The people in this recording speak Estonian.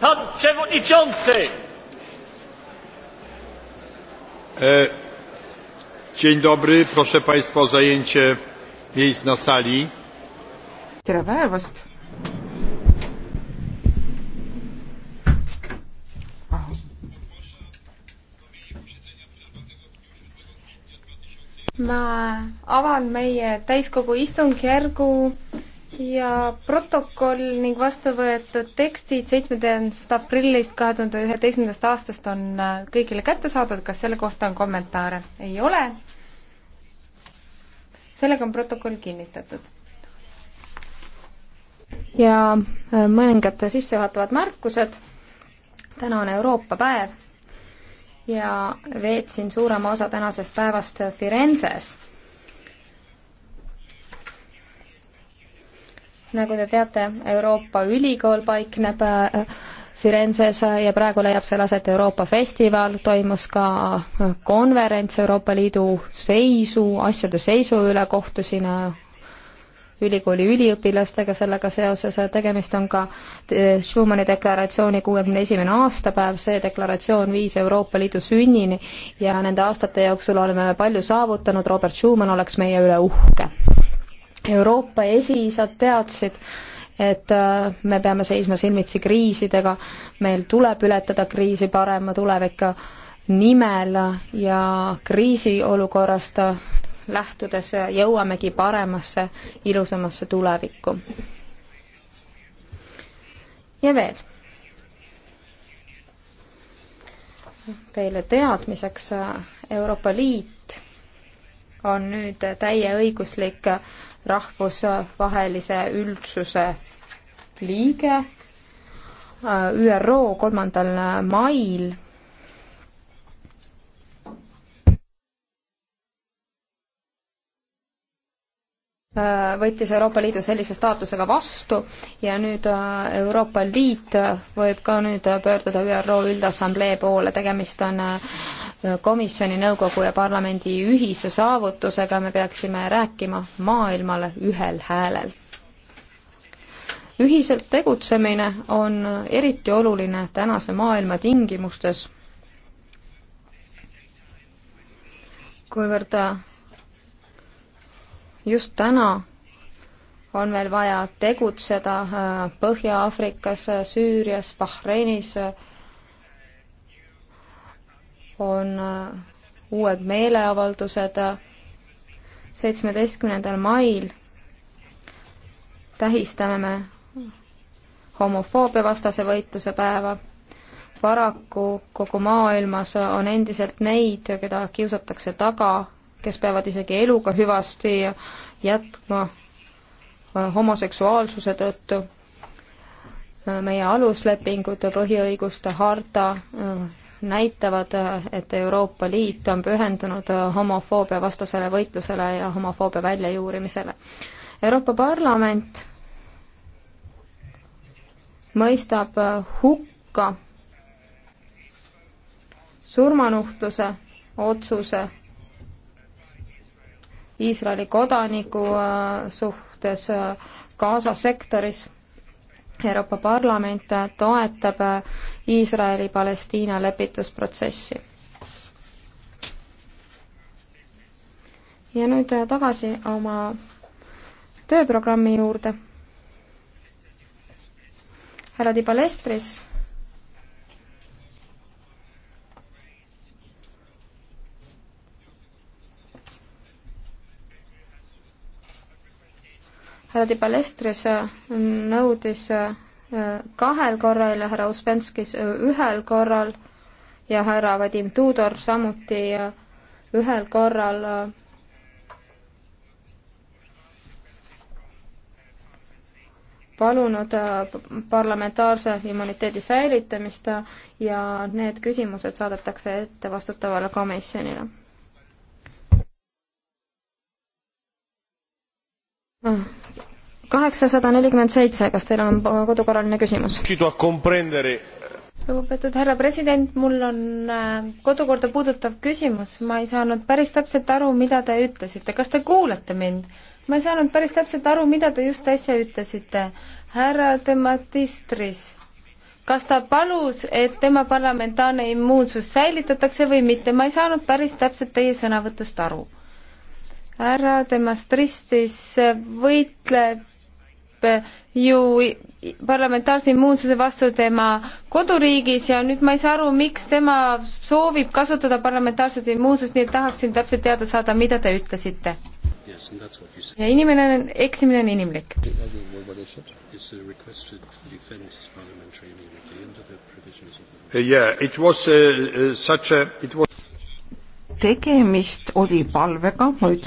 Pan przewodniczący! E, dzień dobry, proszę Państwa o zajęcie miejsc na sali. tere päevast! ma avan meie täiskogu istungjärgu ja protokoll ning vastu võetud tekstid seitsmendast aprillist kahe tuhande üheteistkümnendast aastast on äh, kõigile kättesaadavad, kas selle kohta on kommentaare? ei ole. sellega on protokoll kinnitatud. ja äh, mõningad sissejuhatavad märkused. täna on Euroopa päev ja veetsin suurema osa tänasest päevast Firenzes nagu te teate, Euroopa ülikool paikneb äh, Firenzes ja praegu leiab seal aset Euroopa festival, toimus ka äh, konverents Euroopa Liidu seisu, asjade seisu üle, kohtusin äh, ülikooli üliõpilastega sellega seoses, tegemist on ka Schumani deklaratsiooni kuuekümne esimene aastapäev, see deklaratsioon viis Euroopa Liidu sünnini ja nende aastate jooksul oleme palju saavutanud, Robert Schuman oleks meie üle uhke Euroopa esiisad teadsid, et äh, me peame seisma silmitsi kriisidega, meil tuleb ületada kriisi parema tuleviku nimel ja kriisiolukorrast äh, lähtudes äh, jõuamegi paremasse, ilusamasse tulevikku. ja veel. Teile teadmiseks Euroopa Liit on nüüd täieõiguslik rahvusvahelise üldsuse liige ÜRO kolmandal mail võttis Euroopa Liidu sellise staatusega vastu ja nüüd äh, Euroopa Liit võib ka nüüd pöörduda ÜRO Üldassamblee poole, tegemist on äh, komisjoni, nõukogu ja parlamendi ühise saavutusega me peaksime rääkima maailmale ühel häälel. ühiselt tegutsemine on eriti oluline tänase maailma tingimustes, kuivõrd just täna on veel vaja tegutseda äh, Põhja-Aafrikas, Süürias, Bahreinis, on äh, uued meeleavaldused äh, seitsmeteistkümnendal mail tähistame me homofoobia vastase võitluse päeva. paraku kogu maailmas on endiselt neid, keda kiusatakse taga, kes peavad isegi eluga hüvasti jätma äh, homoseksuaalsuse tõttu. meie aluslepingud, põhiõiguste harta näitavad, et Euroopa Liit on pühendunud homofoobia vastasele võitlusele ja homofoobia väljajuurimisele. Euroopa Parlament mõistab hukka surmanuhtluse otsuse Iisraeli kodaniku äh, suhtes äh, Gaza sektoris Euroopa Parlament toetab Iisraeli-Palestiina lepitusprotsessi. ja nüüd tagasi oma tööprogrammi juurde. härra Tibalestris härra Tibalestris äh, nõudis äh, kahel korral ja härra Uspenskis äh, ühel korral ja härra Vadim Tudor samuti ühel korral palunud parlamentaarse immuniteedi säilitamist ja need küsimused saadetakse ette vastutavale komisjonile kaheksasada nelikümmend seitse, kas teil on kodukorraline küsimus? lugupeetud härra president, mul on äh, kodukorda puudutav küsimus, ma ei saanud päris täpselt aru, mida te ütlesite, kas te kuulate mind? ma ei saanud päris täpselt aru, mida te just äsja ütlesite. härra Dematistris, kas ta palus, et tema parlamentaarne immuunsus säilitatakse või mitte, ma ei saanud päris täpselt teie sõnavõtust aru. härra Dematistris võitleb võitleb ju parlamentaarse immuunsuse vastu tema koduriigis ja nüüd ma ei saa aru, miks tema soovib kasutada parlamentaarset immuunsust, nii et tahaksin täpselt teada saada, mida te ütlesite. ja inimene on, eksimine on inimlik. Yeah, it was uh, uh, such a, it was tegemist oli palvega, ma ütlesin,